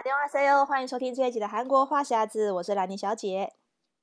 打電話說哦，歡迎收聽這一集的《韓國話匣子》，我是蘭妮小姐，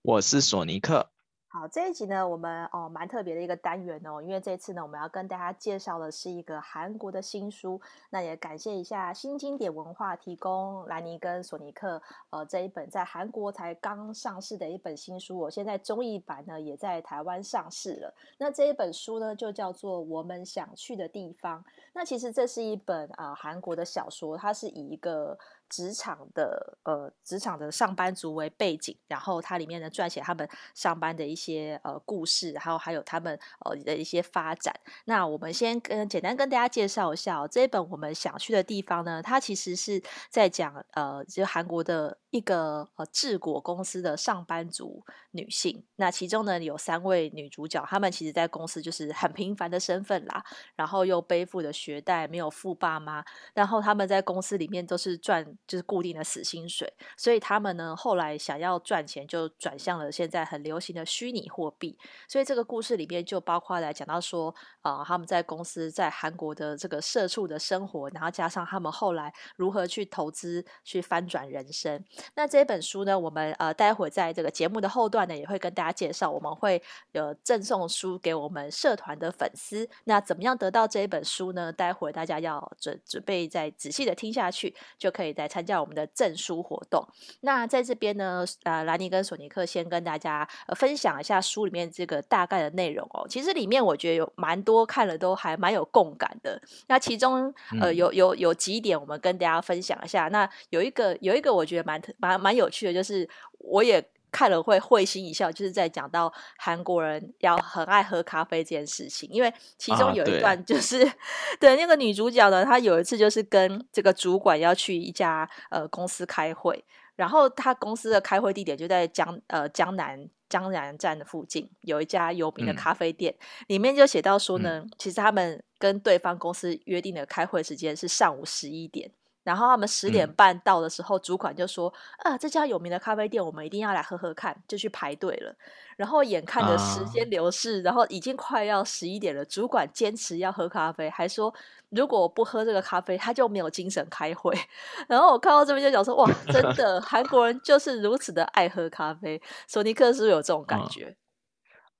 我是索尼客。好，這一集呢，我們哦蠻特別的一個單元哦，因為這次呢，我們要跟大家介紹的是一個韓國的新書。那也感謝一下新經典文化提供蘭妮跟索尼客呃這一本在韓國才剛上市的一本新書，我、哦、現在中譯版呢也在台灣上市了。那這一本書呢就叫做《我們想去的地方》。那其實這是一本啊、呃、韓國的小說，它是以一個職場的呃，職場的上班族為背景，然後它裡面呢撰寫他們上班的一些呃故事，然後還有他們呃的一些發展。那我們先跟簡單跟大家介紹一下哦，這一本我們想去的地方呢，它其實是在講呃，就韓國的。一個呃，治國公司的上班族女性，那其中呢有三位女主角，她們其實在公司就是很平凡的身份啦，然後又背負着學貸，沒有富爸媽，然後她們在公司裡面都是賺就是固定的死薪水，所以她們呢後來想要賺錢，就轉向了現在很流行的虛擬貨幣，所以這個故事裡面就包括來講到說啊、呃，她們在公司在韓國的這個社畜的生活，然後加上她們後來如何去投資去翻轉人生。那這本書呢？我們呃，待會在這個節目的後段呢，也會跟大家介紹。我們會有贈送書給我們社團的粉絲。那怎麼樣得到這一本書呢？待會大家要準準備再仔細的聽下去，就可以來參加我們的贈書活動。那在這邊呢，呃，蘭妮跟索尼客先跟大家分享一下書裡面這個大概的內容哦。其實裡面我覺得有蠻多看了都還蠻有共感的。那其中呃，有有有,有幾點，我們跟大家分享一下。那有一個有一個我覺得蠻。蠻蠻有趣的，就是我也看了會會心一笑，就是在講到韓國人要很愛喝咖啡這件事情，因為其中有一段就是，啊、對， 對那個女主角呢，她有一次就是跟這個主管要去一家呃公司開會，然後他公司的開會地點就在江呃江南江南站的附近有一家有名的咖啡店，嗯、裡面就寫到說呢、嗯，其實他們跟對方公司約定的開會時間是上午十一點。然後他們十點半到的時候、嗯，主管就說：“啊，這家有名的咖啡店，我們一定要來喝喝看。”就去排隊了。然後眼看着時間流逝，啊、然後已經快要十一點了，主管堅持要喝咖啡，還說：“如果我不喝這個咖啡，他就沒有精神開會。”然後我看到這邊就講說：“哇，真的， 韓國人就是如此的愛喝咖啡。”索尼客是不是有這種感覺？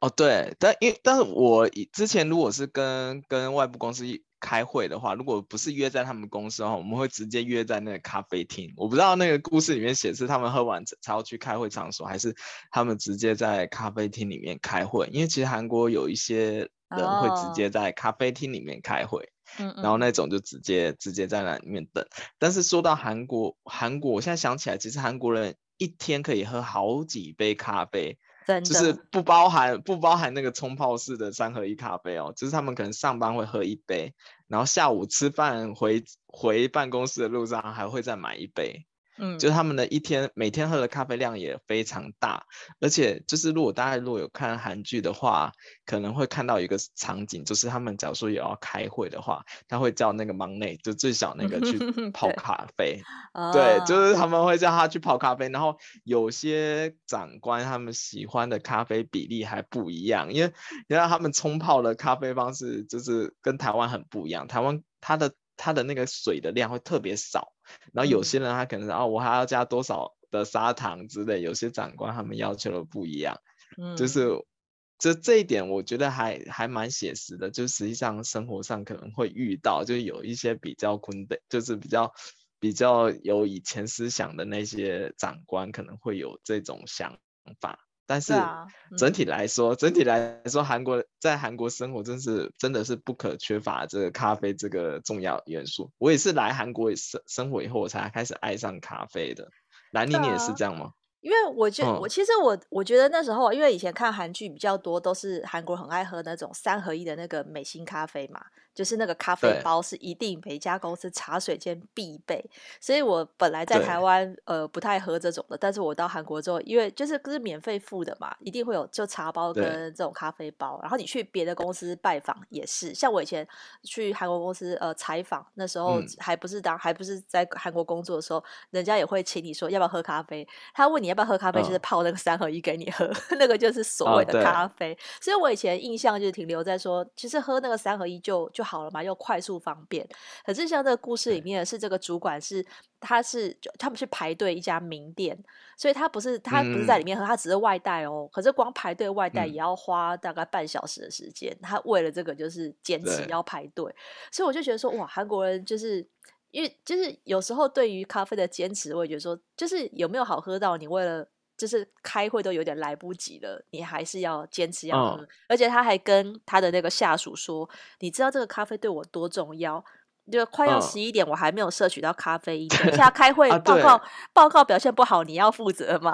哦，哦對，但因但是我以之前如果是跟跟外部公司一。開會的話，如果不是約在他們公司的話，我們會直接約在那個咖啡廳。我不知道那個故事裡面寫是他們喝完才要去開會場所，還是他們直接在咖啡廳裡面開會。因為其實韓國有一些人會直接在咖啡廳裡面開會，oh. 然後那種就直接直接在那裡面等。嗯嗯。但是說到韓國，韓國我現在想起來，其實韓國人一天可以喝好幾杯咖啡。就是不包含不包含那個沖泡式的三合一咖啡哦，就是他們可能上班會喝一杯，然後下午吃飯回回辦公室的路上還會再買一杯。嗯，就是他們的一天，嗯，每天喝的咖啡量也非常大，而且就是如果大家如果有看韓劇的話，可能會看到一個場景，就是他們假如說有要開會的話，他會叫那個忙內，就最小那個去泡咖啡。 對，對 oh. 就是他們會叫他去泡咖啡，然後有些長官他們喜歡的咖啡比例還不一樣，因為因為他們沖泡的咖啡方式就是跟台灣很不一樣，台灣它的它的那個水的量會特別少。然後有些人他可能啊、嗯哦，我還要加多少的砂糖之類。有些長官他們要求的不一樣，嗯，就是這這一點我覺得還還蠻寫實的。就實際上生活上可能會遇到，就有一些比較困的，就是比較比較有以前思想的那些長官可能會有這種想法。但是整體來說、啊嗯，整體來說，韓國在韓國生活真是真的是不可缺乏這個咖啡這個重要元素。我也是來韓國生生活以後，我才開始愛上咖啡的。蘭妮、啊，你也是這樣嗎？因為我覺得、嗯、我其實我我覺得那時候，因為以前看韓劇比較多，都是韓國很愛喝那種三合一的那個美心咖啡嘛。就是那個咖啡包，是一定每家公司茶水間必備，所以我本來在台灣呃不太喝這種的，但是我到韓國之後，因為就是不是免費付的嘛，一定會有就茶包跟這種咖啡包。然後你去別的公司拜訪也是，像我以前去韓國公司呃採訪那時候還不是當、嗯、還不是在韓國工作的時候，人家也會請你說，要不要喝咖啡。他問你要不要喝咖啡，就是泡那個三合一給你喝，哦、 那個就是所謂的咖啡。哦、所以我以前印象就是停留在說，其實喝那個三合一就就。就好了嘛，又快速方便。可是像這個故事裡面的是這個主管是他是他們去排隊一家名店。所以他不是他不是在裡面喝，嗯、和他只是外帶哦。可是光排隊外帶也要花大概半小時的時間，嗯。他為了這個就是堅持要排隊，所以我就覺得說哇，韓國人就是因為就是有時候對於咖啡的堅持，我也覺得說就是有沒有好喝到你為了。就是開會都有點來不及了，你還是要堅持要喝。Oh. 而且他還跟他的那個下屬說：“你知道這個咖啡對我多重要？就快要十一點，我還沒有攝取到咖啡因。Oh. 等一下開會報告、 啊，報告表現不好，你要負責嗎？”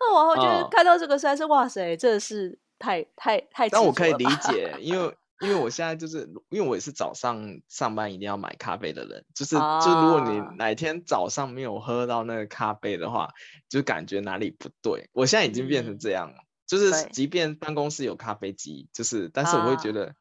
那 我就是看到這個，實在是、oh. 哇塞，真的是太太太。太。但我可以理解， 因為。 因為我現在就是，因為我也是早上上班一定要買咖啡的人，就是、啊，就如果你哪天早上沒有喝到那個咖啡的話，就感覺哪裡不對。我現在已經變成這樣了，嗯、就是即便辦公室有咖啡機，就是，但是我會覺得。啊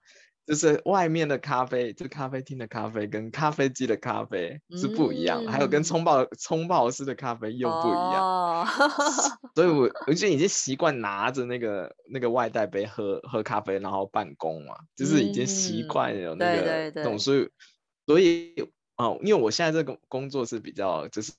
就是外面的咖啡，就咖啡廳的咖啡跟咖啡機的咖啡是不一樣，嗯、還有跟沖泡沖泡式的咖啡又不一樣。哦、 所以我，我我就已經習慣拿着那個那個外帶杯喝喝咖啡，然後辦公嘛，就是已經習慣有那個東西、對對對、嗯。所以，哦，因為我現在這個工作是比較就是。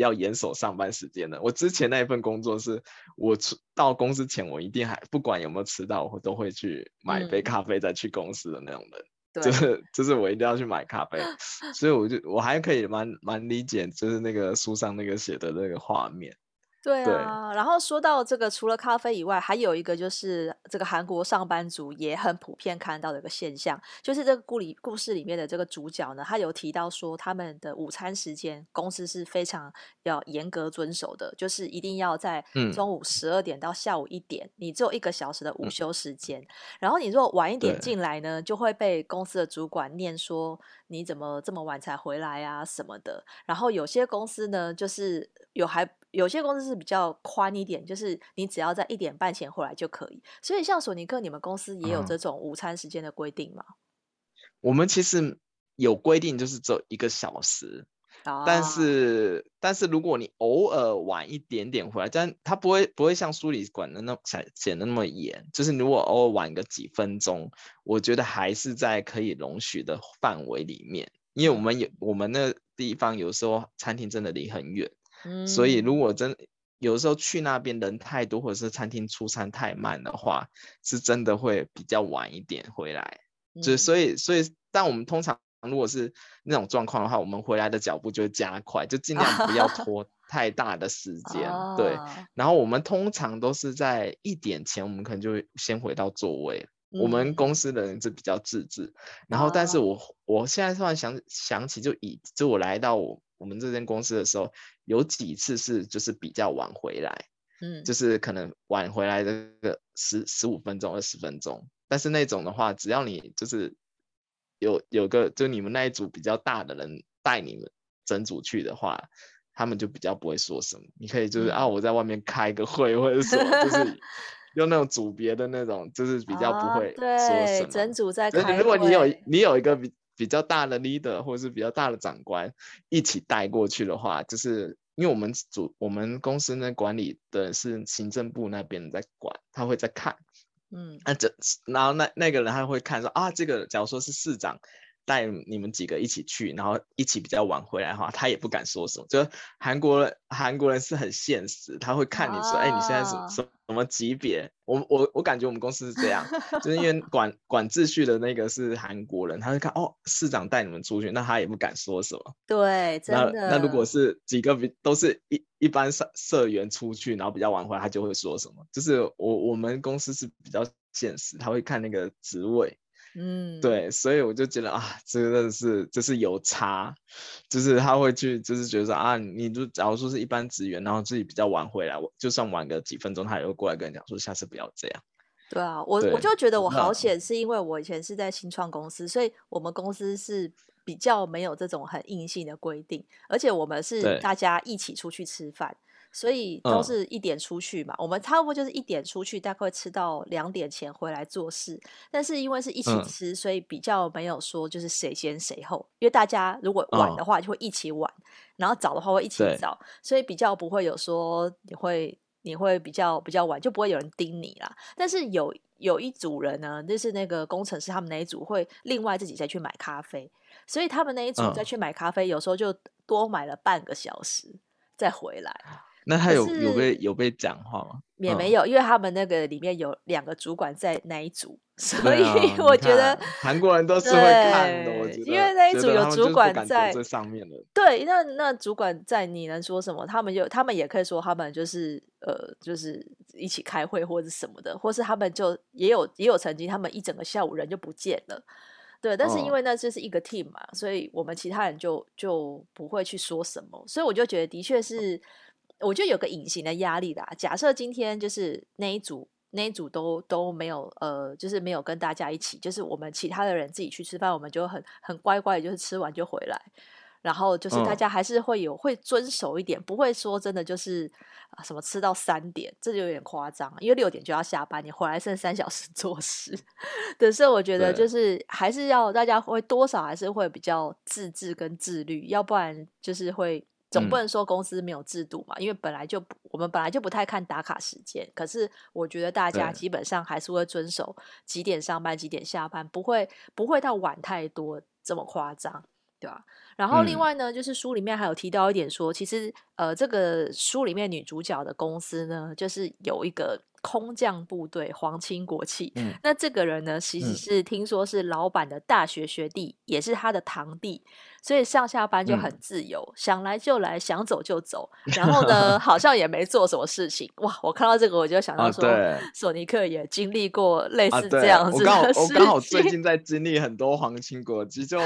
要嚴守上班時間的。我之前那一份工作是，我到公司前，我一定還不管有沒有遲到，我都會去買一杯咖啡再去公司的那種人，嗯。就是就是我一定要去買咖啡， 所以我就我還可以蠻蠻理解，就是那個書上那個寫的那個畫面。對啊對，然後說到這個，除了咖啡以外，還有一個就是這個韓國上班族也很普遍看到的一個現象，就是這個故里故事裡面的這個主角呢，他有提到說，他們的午餐時間公司是非常要嚴格遵守的，就是一定要在中午十二點到下午一點、嗯，你只有一個小時的午休時間。嗯、然後你如果晚一點進來呢，就會被公司的主管念說你怎麼這麼晚才回來啊什麼的。然後有些公司呢，就是有還。有些公司是比較寬一點，就是你只要在一點半前回來就可以。所以像索尼客，你們公司也有這種午餐時間的規定嗎？嗯，我們其實有規定，就是只有一個小時。啊，但是但是如果你偶爾晚一點點回來，但它不會不會像書裡管的那麼顯顯得那麼嚴。就是如果偶爾晚個幾分鐘，我覺得還是在可以容許的範圍裡面。因為我們有我們那地方有時候餐廳真的離很遠。所以如果真、嗯、有時候去那邊人太多，或者是餐廳出餐太慢的話，是真的會比較晚一點回來。嗯、就所以所以，但我們通常如果是那種狀況的話，我們回來的腳步就會加快，就尽量不要拖太大的時間。 對，然後我們通常都是在一點前，我們可能就會先回到座位。嗯、我們公司的人是比較自制，然後但是我、啊、我現在突然想想起，就以就我來到我，我們這間公司的時候，有幾次是就是比較晚回來，嗯，就是可能晚回來的個十十五分鐘、二十分鐘，但是那種的話，只要你就是有有個就你們那一組比較大的人帶你們整組去的話，他們就比較不會說什麼。你可以就是、嗯、啊，我在外面開個會或者什麼， 就是用那種組別的那種，就是比較不會說什麼。什、哦、對，整組在開。如果你，你有你有一個比，比較大的 leader 或者是比較大的長官一起帶過去的話，就是因為我們主我們公司呢，管理的是行政部那邊在管，他會在看，嗯，啊，這然後那那個人他會看說啊，這個假如說是市長。帶你們幾個一起去，然後一起比較晚回來的話，他也不敢說什麼。就韓國人，韓國人是很現實，他會看你說，oh. 哎，你現在什什什麼級別？我我我感覺我們公司是這樣， 就是因為管管秩序的那個是韓國人，他會看哦，室長帶你們出去，那他也不敢說什麼。對，真的。那那如果是幾個比都是一一般社社員出去，然後比較晚回來，他就會說什麼？就是我我們公司是比較現實，他會看那個職位。嗯，對，所以我就覺得啊，這個真的是就是有差，就是他會去，就是覺得說啊，你就假如說是一般職員，然後自己比較晚回來，我就算晚個幾分鐘，他也會過來跟你講說下次不要這樣。對啊，我我就覺得我好險，是因為我以前是在新創公司，嗯，所以我們公司是比較沒有這種很硬性的規定，而且我們是大家一起出去吃飯。所以都是一點出去嘛，嗯，我們差不多就是一點出去，大概吃到兩點前回來做事。但是因為是一起吃，嗯、所以比較沒有說就是誰先誰後。因為大家如果晚的話就會一起晚，嗯、然後早的話會一起早，所以比較不會有說你會你會比較比較晚，就不會有人盯你啦。但是有有一組人呢，就是那個工程師他們那一組會另外自己再去買咖啡，所以他們那一組再去買咖啡，嗯、有時候就多買了半個小時再回來。那他有有，有被有被講話嗎？也沒有、嗯，因為他們那個裡面有兩個主管在那一組，所以、啊、我覺得韓國人都是會看的我覺得。因為那一組有主管在，這上面的，對，那那主管在，你能說什麼？他們就他們也可以說，他們就是呃，就是一起開會或者什麼的，或是他們就也有也有曾經，他們一整個下午人就不見了，對。但是因為那就是一個 team 嘛，哦、所以我們其他人就就不會去說什麼，所以我就覺得的確是。嗯我就有個隱形的壓力的，假設今天就是那一組那一組都都沒有，呃，就是沒有跟大家一起，就是我們其他的人自己去吃飯，我們就很很乖乖的，就是吃完就回來，然後就是大家還是會有會遵守一點，不會說真的就是、呃、什麼吃到三點，這就有點誇張，因為六點就要下班，你回來剩三小時做事，所 以我覺得就是還是要大家會多少還是會比較自制跟自律，要不然就是會。總不能說公司沒有制度嘛，嗯，因為本來就我們本來就不太看打卡時間，可是我覺得大家基本上還是會遵守幾點上班，幾點下班，不會不會到晚太多這麼誇張，對吧？然後另外呢，嗯，就是書裡面還有提到一點說，其實呃這個書裡面女主角的公司呢，就是有一個。空降部隊，皇親國戚、嗯。那這個人呢，其實是聽說是老闆的大學學弟，嗯、也是他的堂弟，所以上下班就很自由，嗯、想來就來，想走就走。然後呢， 好像也沒做什麼事情。哇，我看到這個我就想到說，啊、索尼克也經歷過類似這樣子的、啊、我事我剛好最近在經歷很多皇親國戚，就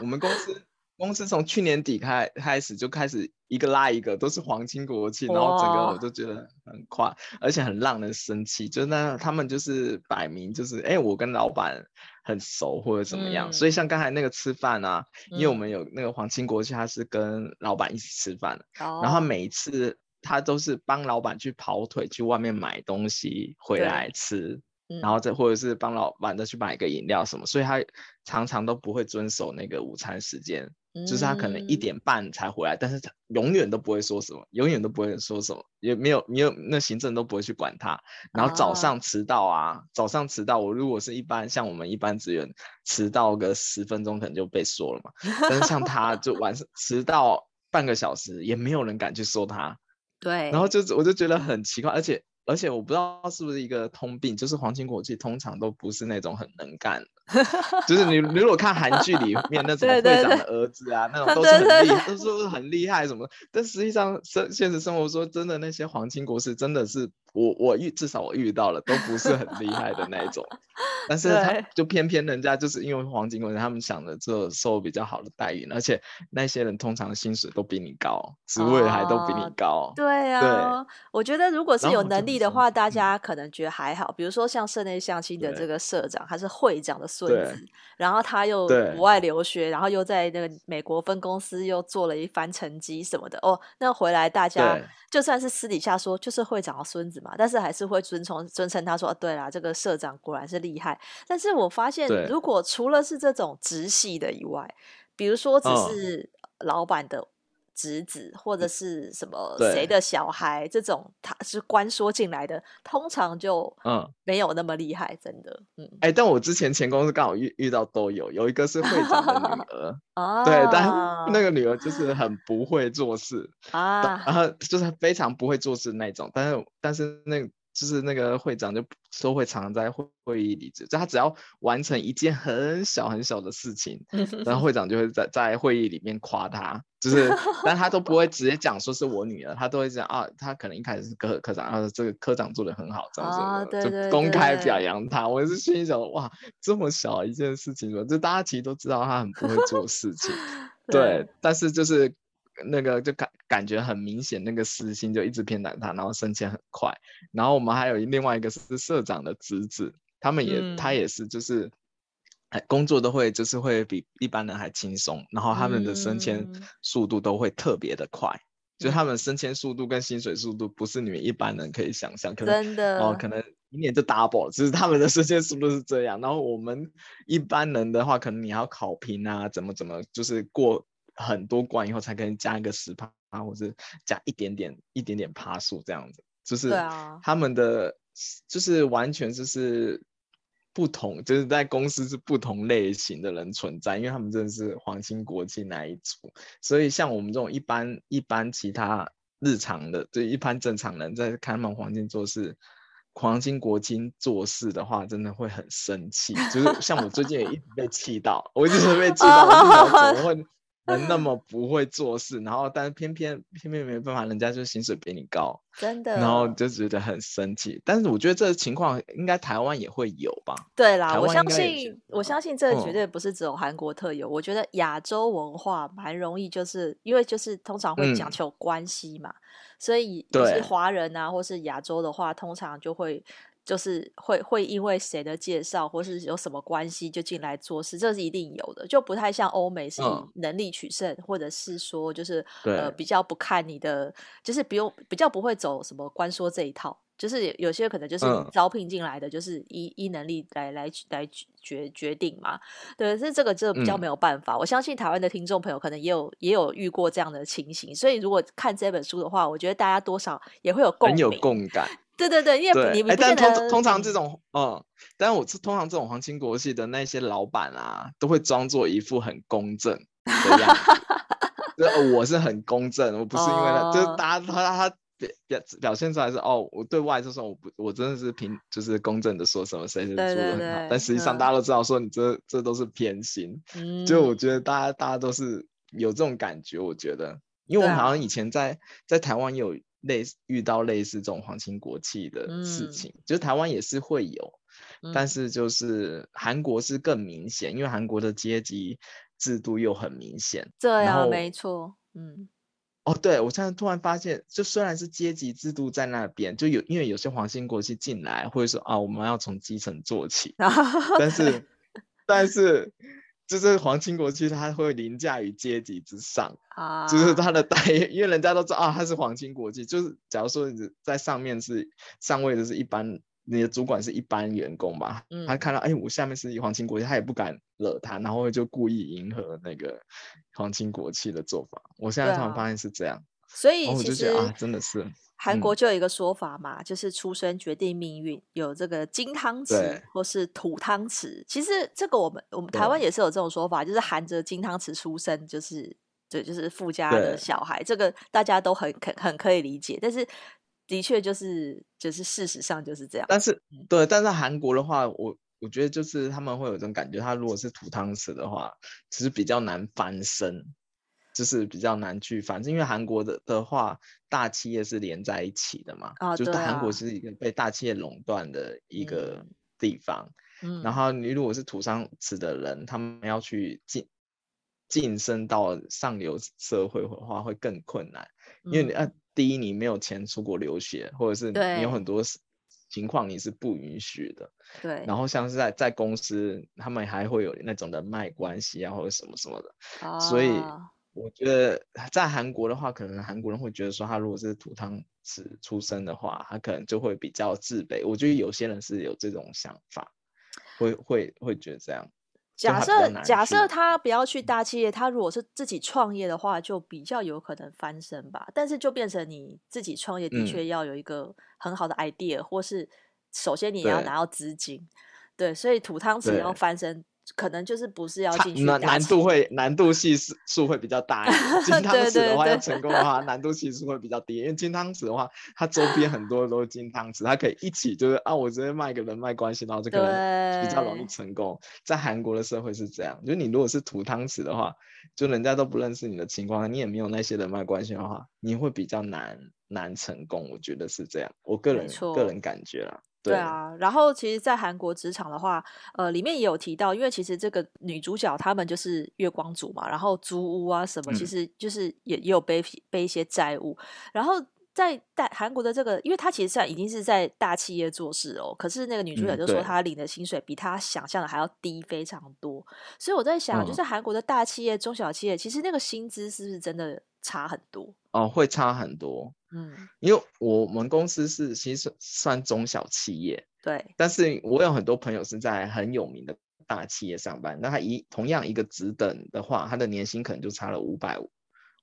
我們公司。 公司從去年底開開始就開始一個拉一個，都是皇親國戚，然後整個我就覺得很誇，而且很讓人生氣。就是那樣，他們就是擺明就是，哎、欸，我跟老板很熟或者怎麼樣。嗯、所以像剛才那個吃飯啊，因為我們有那個皇親國戚，他是跟老板一起吃飯、嗯，然後每一次他都是幫老板去跑腿，去外面買東西回來吃，嗯、然後再或者是幫老板再去買個飲料什麼，所以他常常都不會遵守那個午餐時間。就是他可能一點半才回來，嗯、但是他永遠都不會說什麼，永遠都不會說什麼，也沒有，沒有那行政都不會去管他。然後早上遲到啊，啊早上遲到，我如果是一般像我們一般職員，遲到個十分鐘可能就被說了嘛。但是像他就晚上 遲到半個小時，也沒有人敢去說他。對。然後就我就覺得很奇怪，而且而且我不知道是不是一個通病，就是皇親國戚通常都不是那種很能幹， 就是你，如果看韓劇裡面那什麼會長的兒子啊 對對對，那種都是很厲害 對對對對，都是很厲害什麼的。但實際上生現實生活說真的，那些皇親國戚真的是。我我遇至少我遇到了都不是很厲害的那種， 但是就偏偏人家就是因為皇親國戚他們享的這受比較好的待遇，而且那些人通常薪水都比你高，職位還都比你高。哦、對，對，對啊，我覺得如果是有能力的話，大家可能覺得還好。比如說像社內相親的這個社長，嗯、他是會長的孫子，然後他又國外留學，然後又在那個美國分公司又做了一番成績什麼的。哦，那回來大家就算是私底下說，就是會長的孫子嘛。但是還是會遵從尊稱他說，啊，對啦，這個社長果然是厲害。但是我發現，如果除了是這種直系的以外，比如說只是老板的，哦侄子或者是什麼誰的小孩，這種他是關說進來的，通常就沒有那麼厲害、嗯，真的。哎、嗯欸，但我之前前公司剛好遇遇到都有，有一個是會長的女兒， 對、啊，但那個女兒就是很不會做事啊，然後就是非常不會做事那種。但是但是那個、就是那個會長就說會常常在會議裡，就他只要完成一件很小很小的事情，然後會長就會在在會議裡面誇他。 就是，但他都不會直接講說是我女兒，他都會講啊，他可能一開始是科科長，然後這個科長做得很好，這樣子，就公開表揚他。我是心裡想，哇，這麼小一件事情，就大家其實都知道他很不會做事情， 對，對。但是就是那個就感感覺很明顯，那個私心就一直偏袒他，然後升遷很快。然後我們還有另外一個是社長的侄子，他們也、嗯、他也是就是。工作都會就是會比一般人還輕鬆，然後他們的升遷速度都會特別的快，嗯、就是、他們升遷速度跟薪水速度不是你們一般人可以想象，可能哦，真的可能一年就 double 了，只是他們的升遷速度是這樣，然後我們一般人的話，可能你要考評啊，怎麼怎麼，就是過很多關以後才可以加一個10趴，或者是加一點點一點點趴數這樣子，就是他們的、對啊、就是完全就是。不同就是在公司是不同類型的人存在，因為他們真的是皇親國戚那一族，所以像我們這種一般一般其他日常的，就一般正常人在看他們皇親做事，皇親國戚做事的話，真的會很生氣。就是像我最近也一直被氣到， 我一直被氣到，我怎麼會？ 我那麼不會做事，然後但是偏偏偏偏沒辦法，人家就薪水比你高，真的，然後就覺得很生氣。但是我覺得這個情況應該台灣也會有吧？對啦，我相信我相信這絕對不是只有韓國特有。嗯、我覺得亞洲文化蠻容易，就是因為就是通常會講求關係嘛、嗯，所以就是華人啊，或是亞洲的話，通常就會。就是會會因為誰的介紹，或是有什麼關係就進來做事，這是一定有的，就不太像歐美是以能力取勝，嗯、或者是說就是呃比較不看你的，就是不用比較不會走什麼關說這一套，就是有些可能就是招聘進來的就是以以、嗯、能力來來來決決定嘛，對，是這個就比較沒有辦法、嗯。我相信台灣的聽眾朋友可能也有也有遇過這樣的情形，所以如果看這本書的話，我覺得大家多少也會有共有共感。對對對，因為你不、欸，但通通常這種，嗯，但是我通常這種皇親國戚的那些老闆啊，都會裝作一副很公正的樣子。哈哈哈哈哈。我是很公正，我不是因為他，哦、就是大家他他，他，他表表現出來是哦，我對外就說我不，我真的是平，就是公正的說什麼誰是做，但實際上大家都知道說你這這都是偏心。嗯。就我覺得大家大家都是有這種感覺，我覺得，因為我好像以前在在台灣有。類似遇到類似這種皇親國戚的事情，嗯、就台灣也是會有，嗯、但是就是韓國是更明顯，因為韓國的階級制度又很明顯。對啊，沒錯，嗯。哦，對，我現在突然發現，就雖然是階級制度在那邊，就有因為有些皇親國戚進來會，或者說啊，我們要從基層做起， 但是， 但是。就是皇親國戚，他會凌駕於階級之上啊，就是他的待遇，因為人家都知道啊，他是皇親國戚。就是假如說你在上面是上位的，是一般你的主管是一般員工吧，他、嗯、看到哎、欸，我下面是皇親國戚，他也不敢惹他，然後就故意迎合那個皇親國戚的做法。我現在常常發現是這樣。所以其實啊，真的是韓國就有一個說法嘛，就是出生決定命運，嗯，有這個金湯匙或是土湯匙。其實這個我們我們台灣也是有這種說法，就是含着金湯匙出生，就是對，就是富，就是就是，家的小孩，這個大家都很可很可以理解。但是的確就是就是事實上就是這樣。但是，嗯，對，但是韓國的話，我我覺得就是他們會有這種感覺，他如果是土湯匙的話，其實比較難翻身。就是比較難去，反正因為韓國的的話，大企業是連在一起的嘛，哦、就是韓、啊、國是一個被大企業壟斷的一個地方。嗯，然後你如果是土生子的人、嗯，他們要去晉晉升到上流社會的話，會更困難，嗯、因為你第一你沒有錢出國留學，或者是你有很多情況你是不允許的。對。然後像是在在公司，他們還會有那種人脈關係啊，或者什麼什麼的，哦、所以。我覺得在韓國的話，可能韓國人會覺得說，他如果是土湯匙出身的話，他可能就會比較自卑。我覺得有些人是有這種想法，會會會覺得這樣。假設假設他不要去大企業，他如果是自己創業的話，嗯，就比較有可能翻身吧。但是就變成你自己創業，的確要有一個很好的 idea，嗯，或是首先你要拿到資金，對。對，所以土湯匙要翻身。可能就是不是要進，難難度會難度係數會比較大一點。金湯匙的話要成功的話， 對對對，難度係數會比較低，因為金湯匙的話，它周邊很多都是金湯匙， 它可以一起就是啊，我直接賣一個人脈關係，到這個比較容易成功。在韓國的社會是這樣，就你如果是土湯匙的話，就人家都不認識你的情況，你也沒有那些人脈關係的話，你會比較難難成功，我覺得是這樣，我個人個人感覺啦。對啊，然後其實，在韓國職場的話，呃，裡面也有提到，因為其實這個女主角她們就是月光族嘛，然後租屋啊什麼，其實就是也也有背背一些債務。然後在在韓國的這個，因為她其實在已經是在大企業做事哦，可是那個女主角就說她領的薪水比她想象的還要低非常多，嗯、所以我在想，就是韓國的大企業、中小企業，其實那個薪資是不是真的？差很多哦，會差很多。嗯，因為我們公司是其實算中小企業。對。但是我有很多朋友是在很有名的大企業上班，那他一同樣一個職等的話，他的年薪可能就差了五百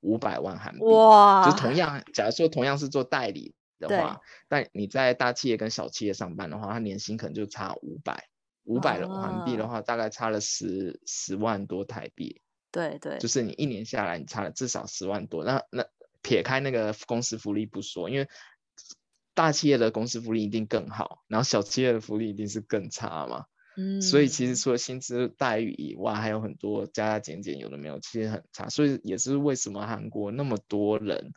五百萬韓幣。哇！就同樣，假如說同樣是做代理的話，但你在大企業跟小企業上班的話，他年薪可能就差五百五百萬韓幣的話，啊，大概差了十十萬多台幣。對對，就是你一年下來你差了至少十萬多，那那撇開那個公司福利不說，因為大企業的公司福利一定更好，然後小企業的福利一定是更差嘛。嗯，所以其實除了薪資待遇以外，還有很多加加減減，有的沒有，其實很差。所以也是為什麼韓國那麼多人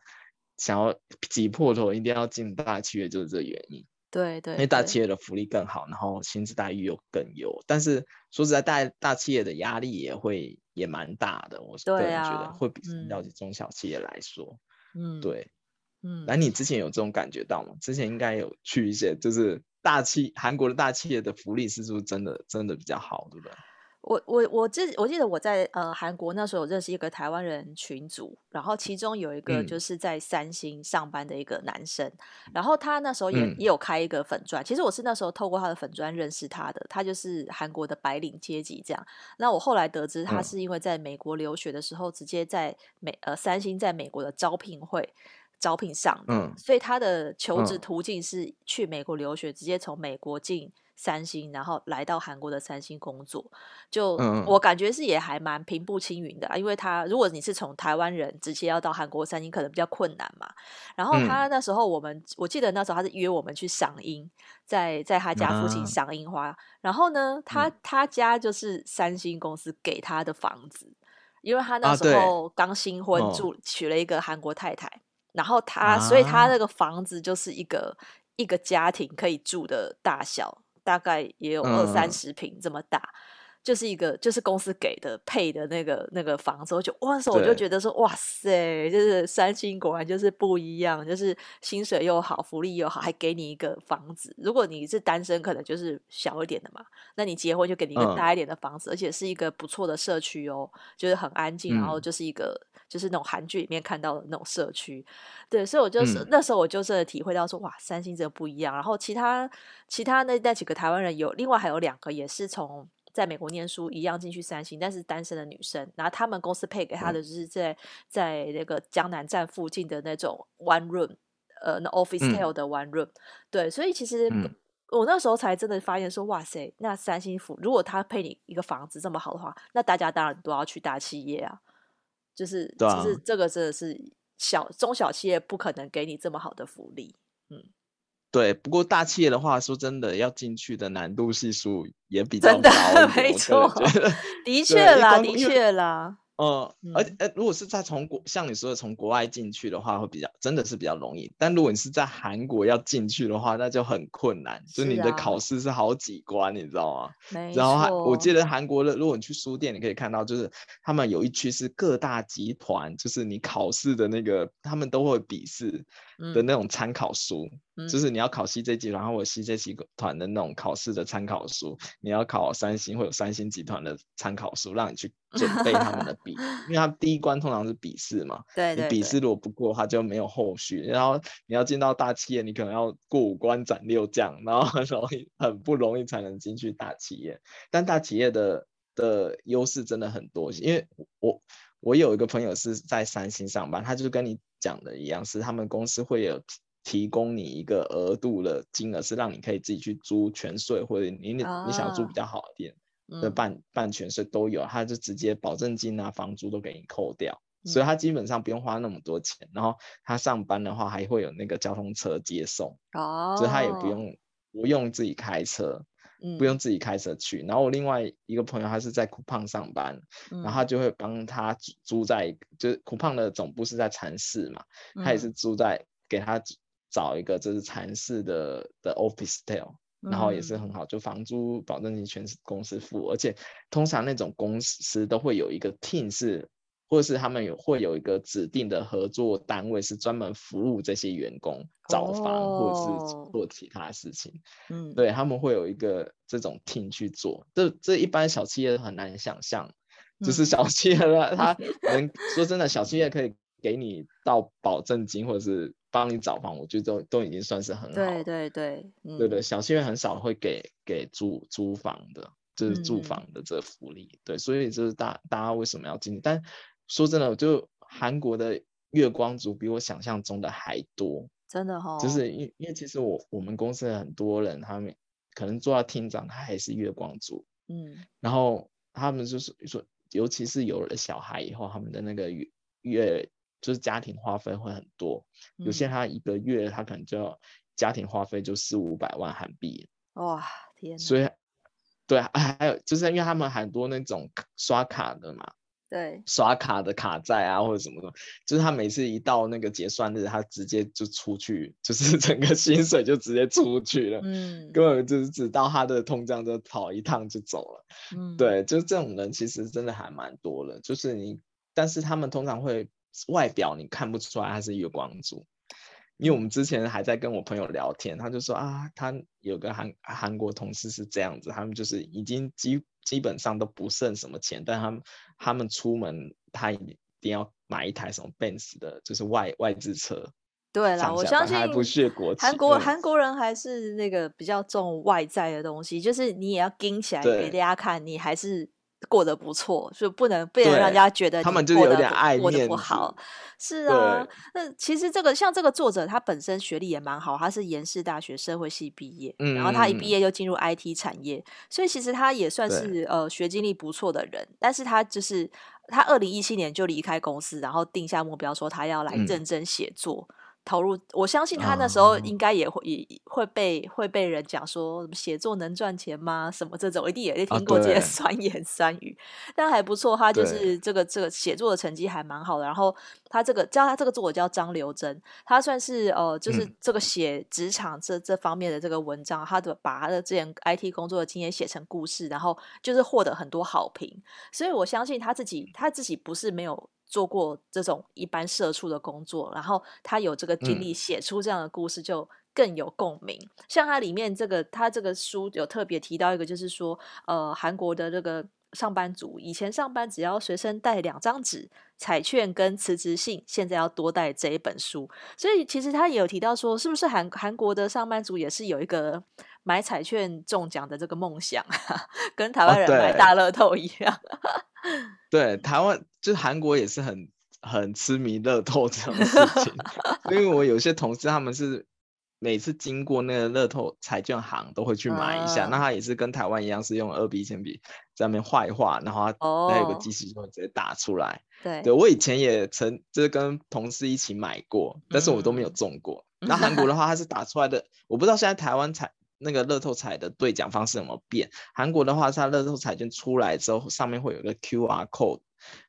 想要擠破頭一定要進大企業，就是這原因。對對，對，因為大企業的福利更好，然後薪資待遇又更優，但是說實在，大大企業的壓力也會。也蠻大的，我個人覺得、啊、會比較了解中小企業來說，嗯，對，嗯，那你之前有這種感覺到嗎？嗯、之前應該有去一些，就是大企，韓國的大企業的福利是不是真的真的比較好，對不對？我我我記我記得我在呃韓國那時候有認識一個台灣人群組，然後其中有一個就是在三星上班的一個男生，嗯、然後他那時候也也有開一個粉專、嗯，其實我是那時候透過他的粉專認識他的，他就是韓國的白領階級這樣。那我後來得知他是因為在美國留學的時候，直接在美、嗯、呃三星在美國的招聘會。招聘上的，嗯，所以他的求職途徑是去美國留學，嗯、直接從美國進三星，然後來到韓國的三星工作。就、嗯、我感覺是也還蠻平步青雲的，因為他如果你是從台灣人直接要到韓國三星，可能比較困難嘛。然後他那時候，我們、嗯、我記得那時候他是約我們去賞櫻，在在他家附近賞櫻花，啊。然後呢，他、嗯、他家就是三星公司給他的房子，因為他那時候剛新婚，啊，住娶了一個韓國太太。然後他、啊，所以他那個房子就是一個、啊、一個家庭可以住的大小，大概也有二三十平這麼大，嗯、就是一個就是公司給的配的那個那個房子。我就哇塞，塞，我就覺得說哇塞，就是三星果然就是不一樣，就是薪水又好，福利又好，還給你一個房子。如果你是單身，可能就是小一點的嘛，那你結婚就給你一個大一點的房子，嗯、而且是一個不錯的社區哦，就是很安靜，嗯、然後就是一個。就是那種韓劇裡面看到的那種社區，對，所以我就是、嗯、那時候我就是體會到說，哇，三星真的不一樣。然後其他其他那那幾個台灣人有，另外還有兩個也是從在美國念書一樣進去三星，但是單身的女生，然後他們公司配給他的就是在、哦、在那個江南站附近的那種 one room，呃，那 officetel 的 one room，、嗯、對，所以其實、嗯、我那時候才真的發現說，哇塞，那三星服如果他配你一個房子這麼好的話，那大家當然都要去大企業啊。就是，就、啊、是這個，真的是小中小企業不可能給你這麼好的福利，嗯，對。不過大企業的話，說真的，要進去的難度係數也比較高，真的沒錯 ，的確啦，的確啦。嗯、呃，而且，呃，如果是在從國，像你說的從國外進去的話，會比較，真的是比較容易。但如果你是在韓國要進去的話，那就很困難。就你的考試是好幾關，啊、你知道嗎？沒錯。然後，還，我記得韓國的，如果你去書店，你可以看到，就是他們有一區是各大集團，就是你考試的那個，他們都會筆試的那種參考書。嗯就是你要考 CJ 集團，或 CJ 集團的那種考試的參考書，你要考三星，或三星集團的參考書，讓你去準備他們的筆， 因為他第一關通常是筆試嘛。對對。你筆試如果不過的話，就沒有後續。然後你要進到大企業，你可能要過五關斬六將，然後很容易、很不容易才能進去大企業。但大企業的的優勢真的很多，因為我我有一個朋友是在三星上班，他就跟你講的一樣，是他們公司會有。提供你一個額度的金額是讓你可以自己去租全稅，或者你你你想要租比較好的店的、啊、辦、嗯、辦全稅都有，他就直接保證金啊、房租都給你扣掉，嗯，所以他基本上不用花那麼多錢。然後他上班的話還會有那個交通車接送，哦、所以他也不用不用自己開車，嗯，不用自己開車去。然後我另外一個朋友他是在酷胖上班，嗯，然後他就會幫他租在，就是酷胖的總部是在禪寺嘛，嗯，他也是租在給他。找一個就是禪式的的 office tail，、嗯、然後也是很好，就房租保證金全是公司付，而且通常那種公司都會有一個 team 是，或者是他們有會有一個指定的合作單位是專門服務這些員工找房、哦、或者是做其他事情，嗯，對，他們會有一個這種 team 去做，這這一般小企業很難想象，嗯、就是小企業他能、嗯、 說真的，小企業可以給你到保證金或者是。幫你找房，我覺得都都已經算是很好。對對對，嗯、對對，小企業很少會給給租租房的，就是住房的這個福利、嗯。對，所以就是大家大家為什麼要進去？但說真的，就韓國的月光族比我想象中的還多。真的哈、哦。就是因為因為其實我我們公司很多人，他們可能做到廳長，他還是月光族。嗯。然後他們就是說，尤其是有了小孩以後，他們的那個月月。就是家庭花費會很多，嗯，有些他一個月他可能就家庭花費就四五百萬韓幣，哇、哦、天！所以對啊，還有就是因為他們很多那種刷卡的嘛，對，刷卡的卡債啊或者什麼的，就是他每次一到那個結算日，他直接就出去，就是整個薪水就直接出去了，嗯，根本就是只到他的通帳，就跑一趟就走了，嗯，對，就是這種人其實真的還蠻多的，就是你，但是他們通常會。外表你看不出來，他是月光族，因為我們之前還在跟我朋友聊天，他就說啊，他有個韓韓國同事是這樣子，他們就是已經基基本上都不剩什麼錢，但他們他們出門，他一定要買一台什麼 Benz 的，就是外外資車。對啦，我相信不國，韓國韓國人還是那個比較重外在的東西，就是你也要跟起來給大家看你還是。過得不錯，就不能不能讓人家覺得，過得他們就是有點愛面子，過得不好，是啊。那其實這個像這個作者，他本身學歷也蠻好，他是延世大學社會系畢業，嗯，然後他一畢業就進入 IT 產業，所以其實他也算是呃學經歷不錯的人。但是他就是他二零一七年就離開公司，然後定下目標說他要來認真寫作。嗯投入，我相信他那時候應該也會、嗯、也會被會被人講說寫作能賺錢嗎？什麼這種一定也是聽過這些酸言酸語、啊，但還不錯，他就是這個、這個、這個寫作的成績還蠻好的。然後他這個叫他這個作者叫張琉珍，他算是呃就是這個寫職場這、嗯、這方面的這個文章，他的把他的之前 IT 工作的經驗寫成故事，然後就是獲得很多好評。所以我相信他自己他自己不是沒有。做過這種一般社畜的工作，然後他有這個經歷，寫出這樣的故事就更有共鳴、嗯。像他裡面這個，他這個書有特別提到一個，就是說，呃，韓國的這個上班族以前上班只要隨身帶兩張紙、彩券、跟辭職信，現在要多帶這一本書。所以其實他也有提到說，是不是韓韓國的上班族也是有一個買彩券中獎的這個夢想 跟台灣人買大樂透一樣。哦、對， 對，台灣。就韓國也是很很痴迷樂透這種事情， 因為我有些同事他們是每次經過那個樂透彩券行都會去買一下，嗯、那他也是跟台灣一樣是用二 B 鉛筆在上面畫一畫，然後哦，有個機器就會直接打出來。哦、對，對，我以前也曾就是跟同事一起買過，嗯、但是我都沒有中過。那、嗯、韓國的話，他是打出來的， 我不知道現在台灣彩那個樂透彩的兌獎方式有沒有變。韓國的話，他樂透彩券出來之後上面會有個 QR code。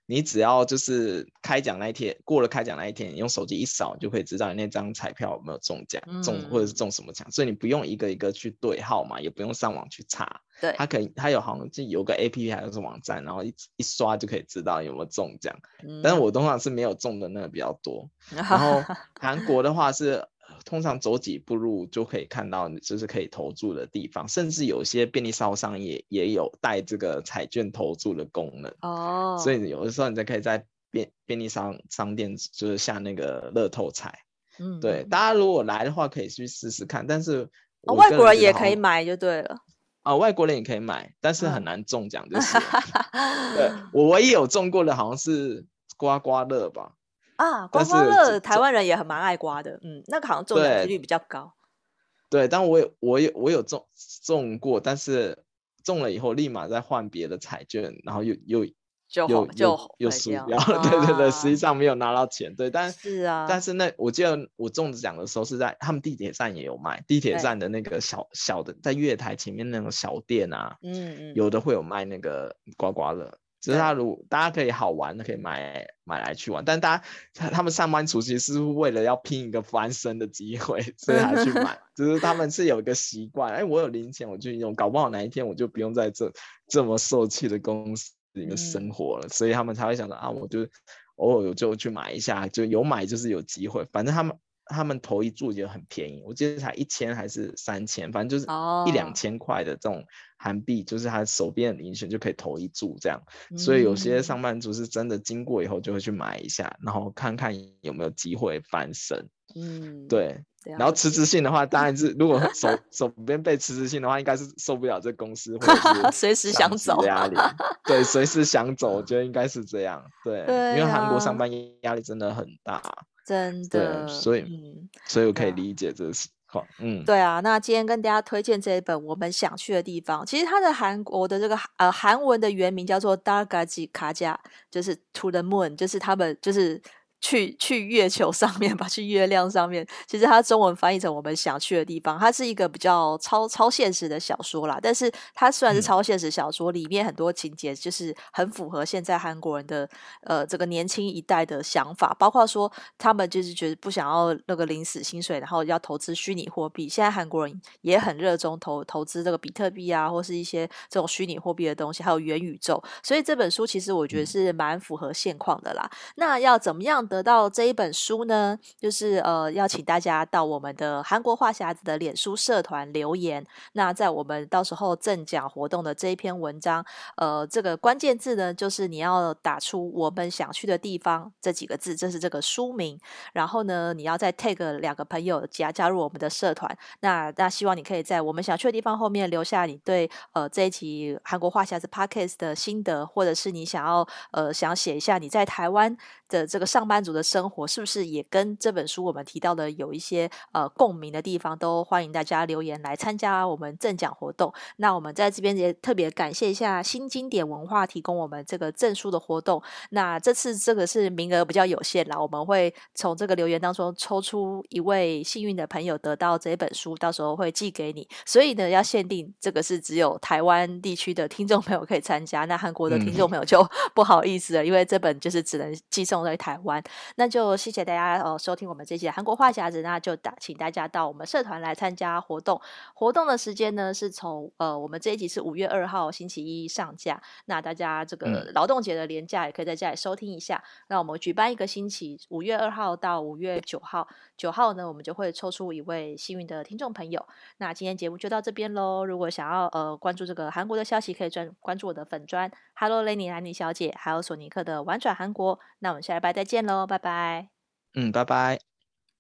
你只要就是開獎那一天過了，開獎那一天你用手機一掃就可以知道你那張彩票有沒有中獎，嗯，中或者是中什麼獎，所以你不用一個一個去對號碼，也不用上網去查。對，他可以，他有好像就有個 A P P 還是網站，然後一一刷就可以知道有沒有中獎。嗯，但是我通常是沒有中的那個比較多。然後韓國的話是。 通常走幾步路就可以看到，就是可以投注的地方，甚至有些便利商商也也有帶這個彩券投注的功能哦。所以有的時候你就可以在便便利商商店就是下那個樂透彩。嗯，對，大家如果來的話可以去試試看，但是、哦、外國人也可以買就對了。啊、哦，外國人也可以買，但是很難中獎就是。 對，我唯一有中過的好像是刮刮樂吧。啊，刮刮樂，台灣人也很蠻愛刮的，嗯，那個好像中獎幾率比較高。對，對但我有，我有，我有中中過，但是中了以後立馬再換別的彩券，然後又又又又又輸掉了，啊，對對對，實際上沒有拿到錢。對，但是啊，但是那我記得我中獎的,的時候是在他們地鐵站也有賣，地鐵站的那個小小的在月台前面那種小店啊，嗯,嗯，有的會有賣那個刮刮樂。就是他，如大家可以好玩的，可以買買來去玩。但大家他他們上班族其實是為了要拼一個翻身的機會，所以才去買。只 是他們是有一個習慣， 哎，我有零錢，我就用。搞不好哪一天我就不用在這這麼受氣的公司裡面生活了。嗯，所以他們才會想着啊，我就偶爾就去買一下，就有買就是有機會。反正他們他們頭一注也很便宜，我記得才一千還是三千，反正就是一兩千塊的這種。哦韓幣就是他手邊的零錢就可以投一注這樣，嗯、所以有些上班族是真的經過以後就會去買一下，然後看看有沒有機會翻身。嗯，對。然後辭職信的話，當然是如果手 手邊被辭職信的話，應該是受不了這公司時 隨時想走壓力。對，隨時想走， 我覺得應該是這樣。對,對、啊，因為韓國上班壓力真的很大，真的。對，所以、嗯、所以，我可以理解這是。嗯嗯，對啊，那今天跟大家推薦這一本《我們想去的地方》，其實它的韓國的這個呃韓文的原名叫做《Dalkkaji gaja》，就是《To the Moon》，就是他們就是。去去月球上面吧，去月亮上面。其實它中文翻譯成我們想去的地方，它是一個比較超超現實的小說啦。但是它雖然是超現實小說，裡面很多情節就是很符合現在韓國人的呃這個年輕一代的想法，包括說他們就是覺得不想要那個領死薪水，然後要投資虛擬貨幣。現在韓國人也很熱衷投投資這個比特幣啊，或是一些這種虛擬貨幣的東西，還有元宇宙。所以這本書其實我覺得是蠻符合現況的啦。那要怎麼樣？得到這一本書呢，就是呃，要請大家到我們的韓國話匣子的臉書社團留言。那在我們到時候贈獎活動的這一篇文章，呃，這個關鍵字呢，就是你要打出我們想去的地方這幾個字，這是這個書名。然後呢，你要再 tag 兩個朋友加加入我們的社團。那那希望你可以在我們想去的地方後面留下你對呃這一集韓國話匣子 podcast 的心得，或者是你想要呃想寫一下你在台灣。的這個上班族的生活是不是也跟這本書我們提到的有一些呃共鳴的地方？都歡迎大家留言來參加我們贈獎活動。那我們在這邊也特別感謝一下新經典文化提供我們這個贈書的活動。那這次這個是名額比較有限啦，我們會從這個留言當中抽出一位幸運的朋友得到這一本書，到時候會寄給你。所以呢，要限定這個是只有台灣地區的聽眾朋友可以參加，那韓國的聽眾朋友就不好意思了，嗯。因為這本就是只能寄送。在台灣，那就謝謝大家呃，收聽我們這集韓國話匣子，那就打請大家到我們社團來參加活動。活動的時間呢是從呃我們這一集是五月二號星期一上架，那大家這個勞動節的連假也可以在家裡收聽一下。嗯、那我們舉辦一個星期，五月二號到五月九號，九號呢我們就會抽出一位幸運的聽眾朋友。那今天節目就到這邊嘍。如果想要呃關注這個韓國的消息，可以專關注我的粉專。Hello 雷尼蘭妮小姐，還有索尼客的玩轉韓國。那我們。下禮拜再見嘍，拜拜。嗯，拜拜。